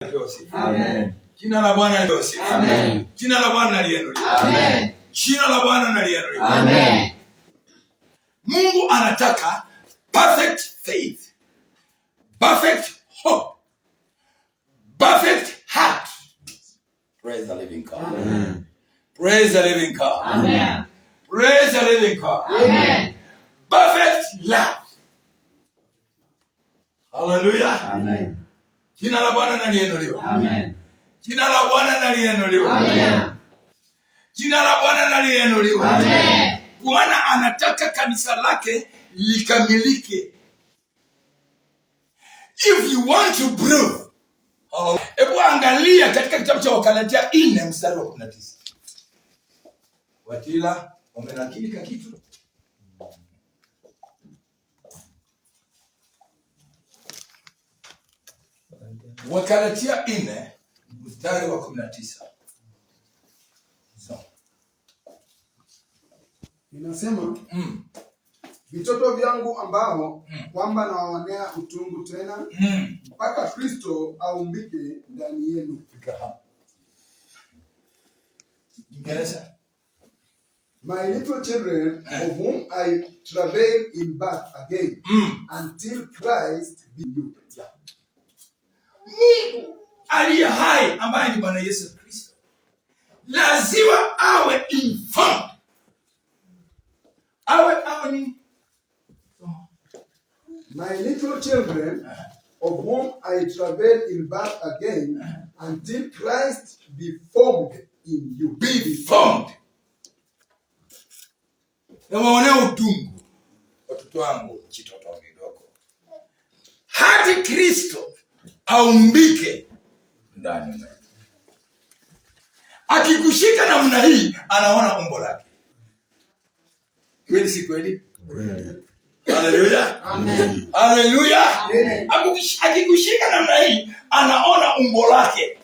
Jina la Bwana Amen. Jina la Bwana liinuliwe. Amen. Jina la Bwana liinuliwe. Amen. Mungu anataka perfect faith, perfect hope, perfect heart. Praise the living God. Amen. Praise the living God. Amen. Praise the living God. Amen. Perfect love. Hallelujah. Amen. Jina la Bwana nalienuliwe. Amen. Jina la Bwana nalienuliwe. Amen. Jina la Bwana nalienuliwe. Amen. Bwana anataka kanisa lake likamilike. If you want to prove Oh. Ebu angalia katika kitabu cha Wakalatia 4 mstari wa 19. Watila umenakili kitu Wakalatia nne mstari wa kumi na tisa so. Inasema mm. Vitoto vyangu ambao mm. kwamba mm. nawaonea utungu tena mm. mpaka mm. Kristo aumbike ndani yenu. Ingereza. My little children mm. of whom I travail in birth again mm. until Christ be you. Yeah. Mungu aliye hai ambaye ni Bwana Yesu Kristo, lazima awe informed. Awe awe ni My little children, of whom I travel in birth again until Christ be formed in you. Be formed. Nawaonea utungu watoto wangu, kitoto kidogo hadi Kristo aumbike ndani Akikushika namna hii, anaona umbo lake. Kweli si kweli? Haleluya, haleluya! Akikushika namna hii, anaona umbo lake,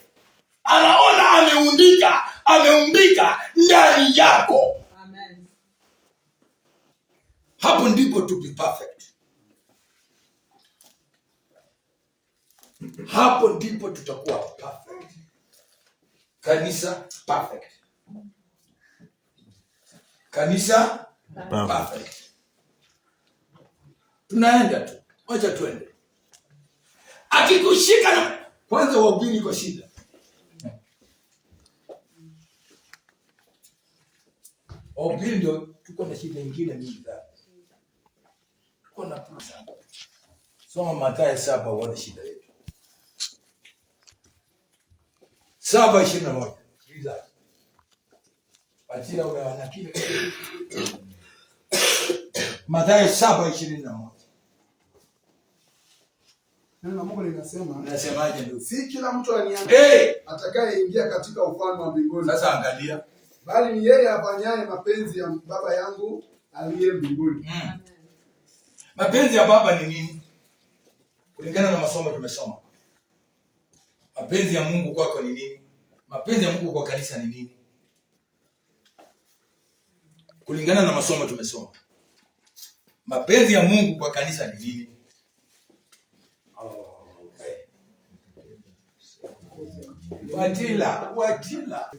anaona ameundika, ameumbika ndani yako. Amen. Hapo ndipo to be perfect Hapo ndipo tutakuwa perfect. Kanisa perfect. Kanisa perfect. Tunaenda tu, wacha tuende. Akikushika na kwanza, wahubiri kwa shida wahubiri, ndio tuko na shida nyingine mingi sana, tuko na soma Mathayo saba wana shida saba ishirini na moja msikilizaji atila umewanakili Mathayo saba ishirini na moja Si kila mtu aniambiaye atakayeingia katika ufalme wa mbinguni. Sasa angalia, bali ni yeye afanyaye mapenzi ya Baba yangu aliye mbinguni. Hmm. Mapenzi ya Baba ni nini? Kulingana na masomo tumesoma Mapenzi ya Mungu kwako ni nini? Mapenzi ya Mungu kwa kanisa ni nini? Kulingana na masomo tumesoma, mapenzi ya Mungu kwa kanisa ni nini? Watila, watila.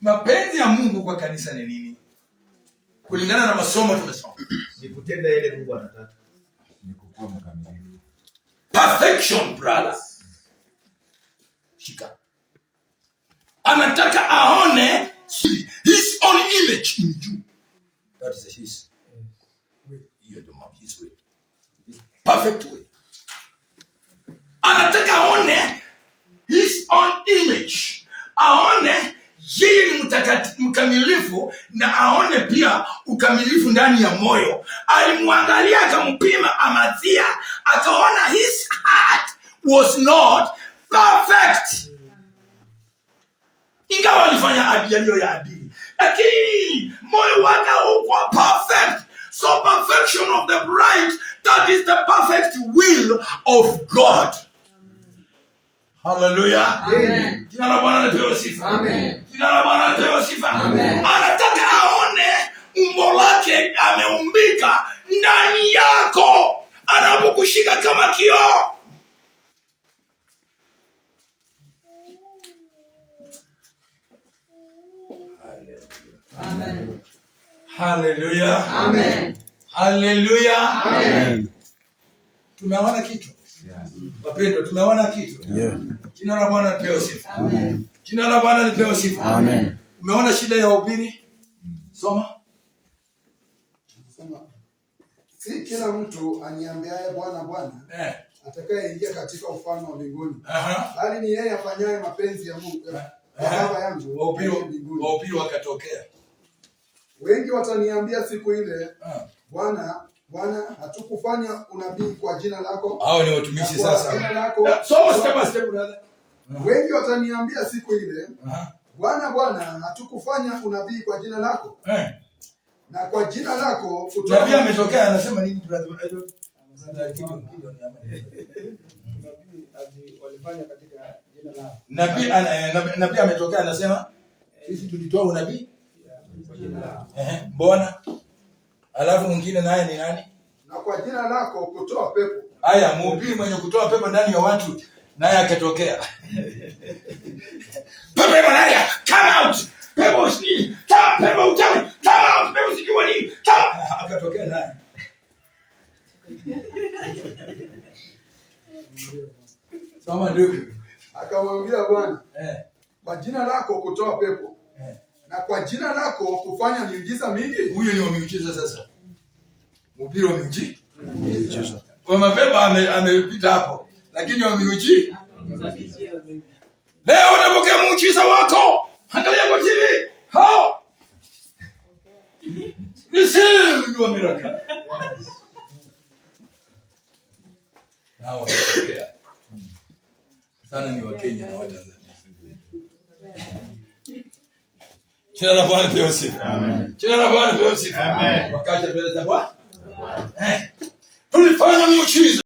Mapenzi ya Mungu kwa kanisa ni nini? Kulingana na masomo tumesoma. Ni kutenda ile Mungu anataka. Ni kukua mkamilifu. Perfection, brothers kushika anataka aone his own image in you that is his hiyo ndio his way perfect way anataka aone his own image aone yeye ni mkamilifu na aone pia ukamilifu ndani ya moyo alimwangalia akampima Amazia akaona his heart was not yaliyo ya adili, lakini moyo wake haukuwa perfect. So perfection of the bride, that is the perfect will of God. Haleluya, jina la Bwana lipewe sifa, jina la Bwana lipewe sifa. Anataka aone umbo lake ameumbika ndani yako, anapokushika kama kio Haleluya, amen. Haleluya, amen. Tumeona kitu wapendwa, tumeona kitu. Jina la Bwana lipewe sifa, amen. Jina la Bwana lipewe sifa, amen. Umeona shida ya ubiri, soma Si kila mtu aniambiaye Bwana Bwana eh, atakayeingia katika ufalme wa mbinguni, bali ni yeye afanyaye mapenzi ya Mungu ya eh. Baba yangu wa wakatokea Wengi wataniambia siku ile, Bwana Bwana, hatukufanya unabii kwa jina lako? Hao ni watumishi sasa. Jina lako. So step by step brother. Wengi wataniambia siku ile, Bwana Bwana, hatukufanya unabii kwa jina lako? Eh. Na kwa jina lako unabii ametokea anasema nini brother? Nabii ametokea anasema sisi tulitoa unabii mbona? Alafu mwingine naye ni nani? Na kwa jina lako kutoa pepo. Haya, mhubiri mwenye kutoa pepo ndani ya watu naye akatokea. Pepo malaria, come out. Pepo ta pepo ta pepo ta akatokea naye. Akamwambia Bwana, eh, kwa jina lako kutoa pepo na kwa jina lako kufanya miujiza mingi. Huyo ni miujiza sasa, mhubiri wa miujiza kwa mapema amepita hapo, lakini wa miuji. leo unapokea muujiza wako. Angalia kwa TV hao nisiwa miraka nao sana ni Wakenya na Watanzania Tira da de Deus. Tira da glória, Deus. Amém. Amém. Amém. Amém. Amém. Amém. Amém. Amém. me Amém.